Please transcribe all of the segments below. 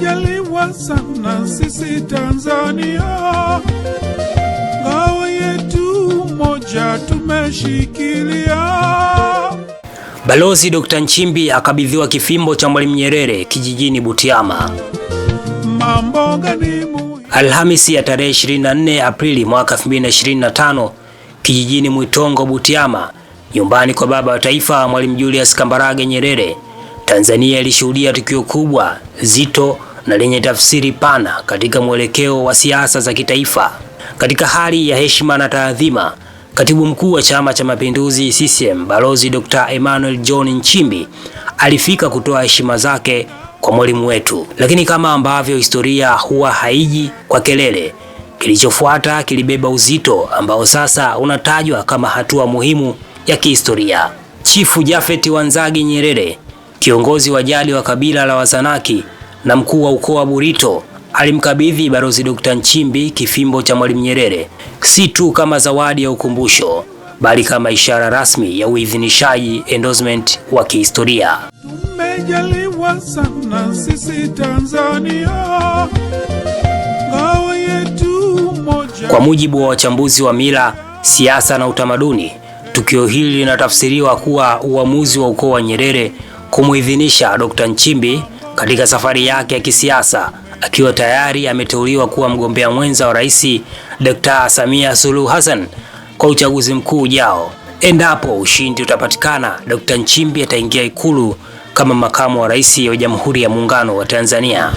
tumejaliwa sana sisi Tanzania, ngao yetu moja tumeshikilia. Balozi Dr. Nchimbi akabidhiwa kifimbo cha Mwalimu Nyerere kijijini Butiama mambo gani Alhamisi ya tarehe 24 Aprili mwaka 2025 kijijini Mwitongo Butiama, nyumbani kwa baba wa taifa Mwalimu Julius Kambarage Nyerere. Tanzania ilishuhudia tukio kubwa zito na lenye tafsiri pana katika mwelekeo wa siasa za kitaifa. Katika hali ya heshima na taadhima, Katibu Mkuu wa Chama cha Mapinduzi CCM Balozi Dr. Emmanuel John Nchimbi alifika kutoa heshima zake kwa mwalimu wetu. Lakini kama ambavyo historia huwa haiji kwa kelele, kilichofuata kilibeba uzito ambao sasa unatajwa kama hatua muhimu ya kihistoria. Chifu Jafeti Wanzagi Nyerere, kiongozi wa jadi wa kabila la Wazanaki na mkuu wa ukoo wa Burito alimkabidhi Balozi Dr. Nchimbi kifimbo cha Mwalimu Nyerere si tu kama zawadi ya ukumbusho bali kama ishara rasmi ya uidhinishaji endorsement wa kihistoria. Tumejaliwa sana sisi Tanzania. Kwa mujibu wa wachambuzi wa mila, siasa na utamaduni, tukio hili linatafsiriwa kuwa uamuzi wa ukoo wa Nyerere kumuidhinisha Dr. Nchimbi katika safari yake ya kisiasa akiwa tayari ameteuliwa kuwa mgombea mwenza wa Rais Dkt. Samia Suluhu Hassan kwa uchaguzi mkuu ujao. Endapo ushindi utapatikana, Dkt. Nchimbi ataingia Ikulu kama makamu wa rais wa Jamhuri ya Muungano wa Tanzania.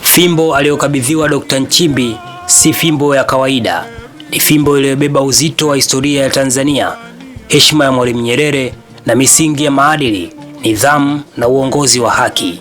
Fimbo aliyokabidhiwa Dkt. Nchimbi si fimbo ya kawaida, ni fimbo iliyobeba uzito wa historia ya Tanzania heshima ya Mwalimu Nyerere na misingi ya maadili, nidhamu na uongozi wa haki.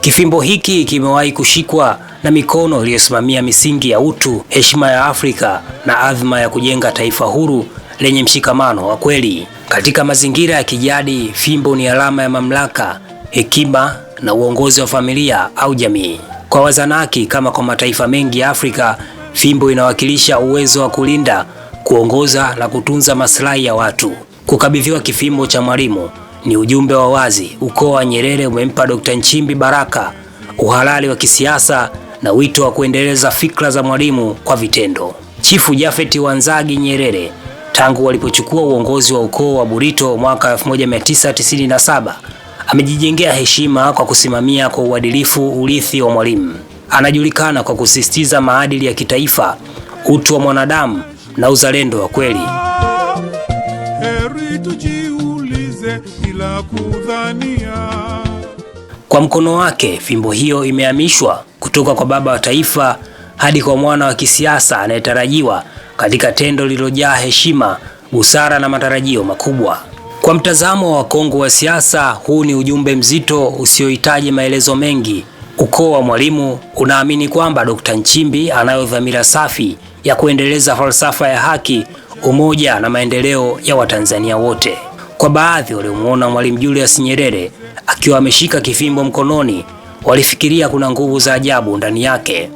Kifimbo hiki kimewahi kushikwa na mikono iliyosimamia misingi ya utu, heshima ya Afrika na adhma ya kujenga taifa huru lenye mshikamano wa kweli. Katika mazingira ya kijadi, fimbo ni alama ya mamlaka, hekima na uongozi wa familia au jamii. Kwa Wazanaki, kama kwa mataifa mengi ya Afrika, fimbo inawakilisha uwezo wa kulinda kuongoza na kutunza maslahi ya watu. Kukabidhiwa kifimbo cha Mwalimu ni ujumbe wa wazi. Ukoo wa Nyerere umempa Dr. Nchimbi Baraka uhalali wa kisiasa na wito wa kuendeleza fikra za Mwalimu kwa vitendo. Chifu Jafeti Wanzagi Nyerere tangu walipochukua uongozi wa ukoo wa Burito mwaka 1997 amejijengea heshima kwa kusimamia kwa uadilifu urithi wa Mwalimu. Anajulikana kwa kusisitiza maadili ya kitaifa, utu wa mwanadamu na uzalendo wa kweli. Kwa mkono wake fimbo hiyo imehamishwa kutoka kwa baba wa taifa hadi kwa mwana wa kisiasa anayetarajiwa katika tendo lililojaa heshima, busara na matarajio makubwa. Kwa mtazamo wa Wakongo wa siasa, huu ni ujumbe mzito usiohitaji maelezo mengi. Ukoo wa Mwalimu unaamini kwamba Dkt. Nchimbi anayo dhamira safi ya kuendeleza falsafa ya haki, umoja na maendeleo ya Watanzania wote. Kwa baadhi waliomwona Mwalimu Julius Nyerere akiwa ameshika kifimbo mkononi, walifikiria kuna nguvu za ajabu ndani yake.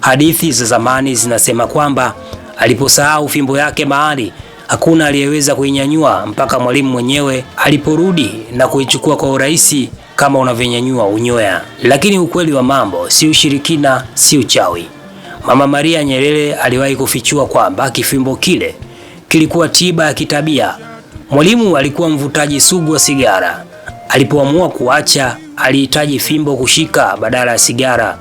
Hadithi za zamani zinasema kwamba aliposahau fimbo yake mahali, hakuna aliyeweza kuinyanyua mpaka Mwalimu mwenyewe aliporudi na kuichukua kwa urahisi kama unavyonyanyua unyoya. Lakini ukweli wa mambo si ushirikina, si uchawi, Mama Maria Nyerere aliwahi kufichua kwamba kifimbo kile kilikuwa tiba ya kitabia. Mwalimu alikuwa mvutaji sugu wa sigara. Alipoamua kuacha, alihitaji fimbo kushika badala ya sigara.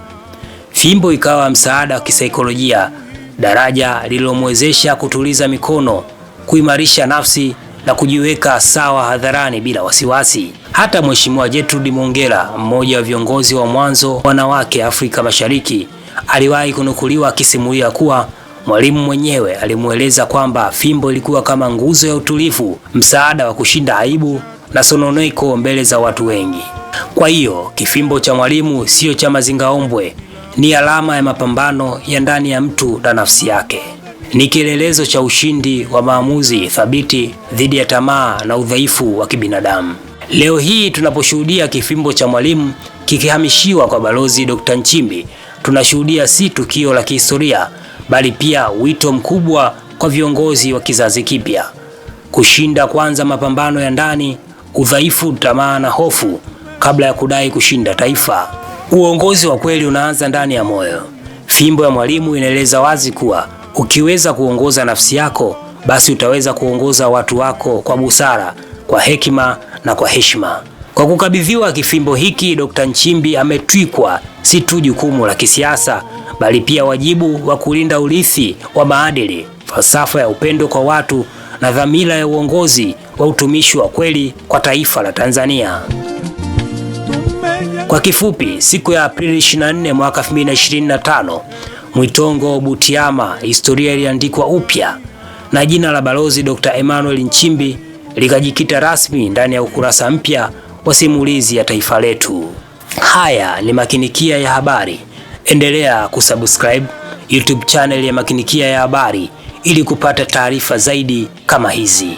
Fimbo ikawa msaada wa kisaikolojia, daraja lililomwezesha kutuliza mikono, kuimarisha nafsi na kujiweka sawa hadharani bila wasiwasi. Hata Mheshimiwa Gertrude mongela mmoja wa viongozi wa mwanzo wanawake Afrika Mashariki aliwahi kunukuliwa akisimulia kuwa mwalimu mwenyewe alimweleza kwamba fimbo ilikuwa kama nguzo ya utulivu, msaada wa kushinda aibu na sononeko mbele za watu wengi. Kwa hiyo kifimbo cha mwalimu siyo cha mazingaombwe, ni alama ya mapambano ya ndani ya mtu na nafsi yake. Ni kielelezo cha ushindi wa maamuzi thabiti dhidi ya tamaa na udhaifu wa kibinadamu. Leo hii tunaposhuhudia kifimbo cha mwalimu kikihamishiwa kwa Balozi Dr. Nchimbi tunashuhudia si tukio la kihistoria, bali pia wito mkubwa kwa viongozi wa kizazi kipya kushinda kwanza mapambano ya ndani, udhaifu, tamaa na hofu kabla ya kudai kushinda taifa. Uongozi wa kweli unaanza ndani ya moyo. Fimbo ya Mwalimu inaeleza wazi kuwa ukiweza kuongoza nafsi yako, basi utaweza kuongoza watu wako kwa busara, kwa hekima na kwa heshima. Kwa kukabidhiwa kifimbo hiki, Dr. Nchimbi ametwikwa si tu jukumu la kisiasa, bali pia wajibu wa kulinda urithi wa maadili, falsafa ya upendo kwa watu na dhamira ya uongozi wa utumishi wa kweli kwa taifa la Tanzania. Kwa kifupi, siku ya Aprili 24 mwaka 2025, Mwitongo Butiama, historia iliandikwa upya na jina la Balozi Dr. Emmanuel Nchimbi likajikita rasmi ndani ya ukurasa mpya wa simulizi ya taifa letu. Haya ni Makinikia ya Habari. Endelea kusubscribe YouTube channel ya Makinikia ya Habari ili kupata taarifa zaidi kama hizi.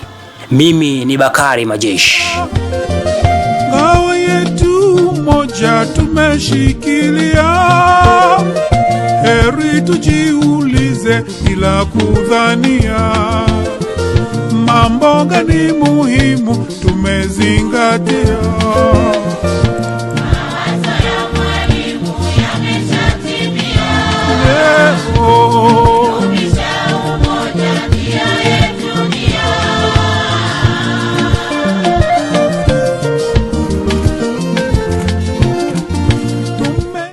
Mimi ni Bakari Majeshi. Ngao yetu moja tumeshikilia, heri tujiulize bila kudhania mboga ni muhimu tumezingatia?